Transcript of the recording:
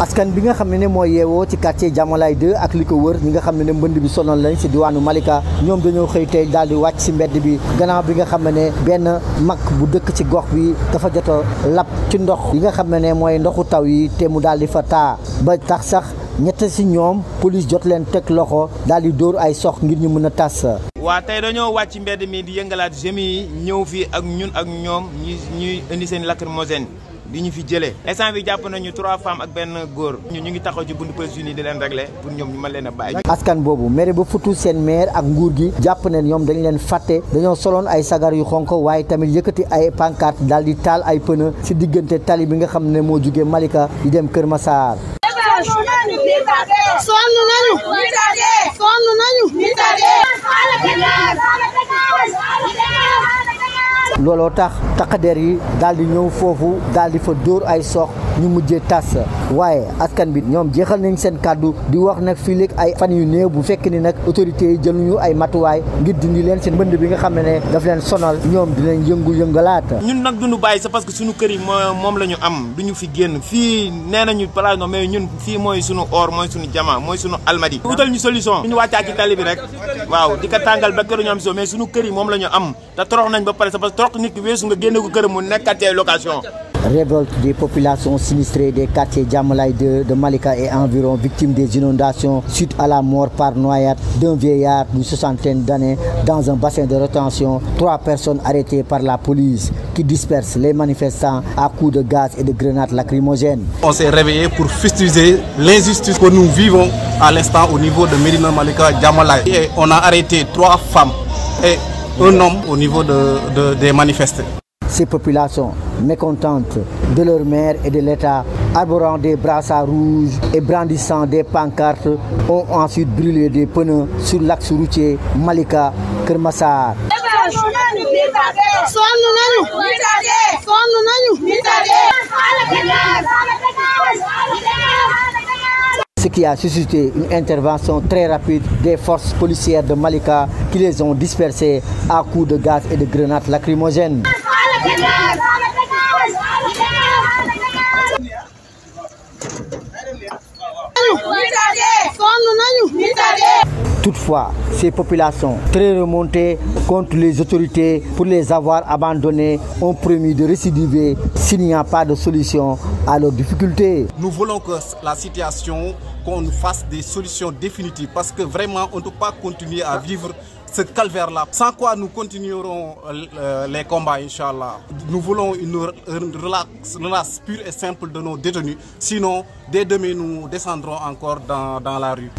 askan bi nga xam ne ne mooy yeewoo ci quartier Diamalaye 2 ak li ko wër ñi nga xam ne ne mbënd bi sonal lañ si diwaanu Malika ñoom dañoo xëy tey daal di wàcc si mbedd bi gannaaw bi nga xam ne ne benn mag bu dëkk ci gox bi dafa jot a lab ci ndox yi nga xam ne ne mooy ndoxu taw yi te mu daal di fa taa ba tax sax ñett si ñoom police jot leen teg loxo daal di dóor ay sox ngir ñu mën a tas. waa tey dañoo wàcc mbedd mi di yëngalaat jeunes yi ñëw fii ak ñun ak ñoom ñuy ñuy indi seen lacrymogène di ñu fi jëlee instant bi jàpp nañu trois femmes ak benn góor ñu ñu ngi taxaw ci buntu police yi di leen régler pour ñoom ñu mën leen a bàyyi askan boobu maire ba futu seen maire ak nguur gi jàpp ne ñoom dañu leen fàtte dañoo soloon ay sagar yu xonk waaye tamit yëkkati ay pànkaat daal di taal ay pneu si diggante tali bi nga xam ne moo jugee Malika di dem Kër Massar sonn nañu looloo tax takk yi daldi di ñëw foofu daldi fa dóor ay sox ñu mujjee tas waaye askan bi ñoom jeexal nañ seen kàddu di wax nag fii léegi ay fan yu néew bu fekk ni nag autorité yi jëluñu ay matuwaay ngir dindi leen seen mbënd bi nga xam ne ne daf leen sonal ñoom dinañ yëngu yëngalaat. ñun nag duñu bàyyi sa parce que suñu kër yi moom la ñu am duñu fi génn fii nee nañu place non mais ñun fii mooy suñu or mooy suñu jama mooy suñu almadi. utal ñu solution ñu wàccaa ci tali rek waaw di ko tàngal ba kër ñu am mais suñu kër yi moom la ñu am te torox nañ ba pare sa parce que torox weesu nga génne ko kër location révolte des populations sinistrées des quartiers Djamalaï de, Malika et environ victimes des inondations suite à la mort par noyade d'un vieillard d'une soixantaine d'années dans un bassin de rétention. Trois personnes arrêtées par la police qui dispersent les manifestants à coups de gaz et de grenades lacrymogènes. On s'est réveillé pour fustiger l'injustice que nous vivons à l'instant au niveau de Mérina Malika Djamalaï. on a arrêté trois femmes et un homme au niveau des manifestants ces populations mécontentes de leur mère et de l'État, arborant des brassards rouges et brandissant des pancartes, ont ensuite brûlé des pneus sur l'axe routier Malika-Kermassar. ce qui a suscité une intervention très rapide des forces policières de Malika qui les ont dispersées à coups de gaz et de grenades lacrymogènes. Toutefois, ces populations, très remontées contre les autorités pour les avoir abandonnées, ont promis de récidiver s'il n'y a pas de solution à leurs difficultés. Nous voulons que la situation, qu'on fasse des solutions définitives parce que vraiment, on ne peut pas continuer à vivre cette calvaire-là, sans quoi nous continuerons euh, euh, les combats, Inshallah. Nous voulons une relaxe, pure et simple de nos détenus, sinon dès demain nous descendrons encore dans la rue.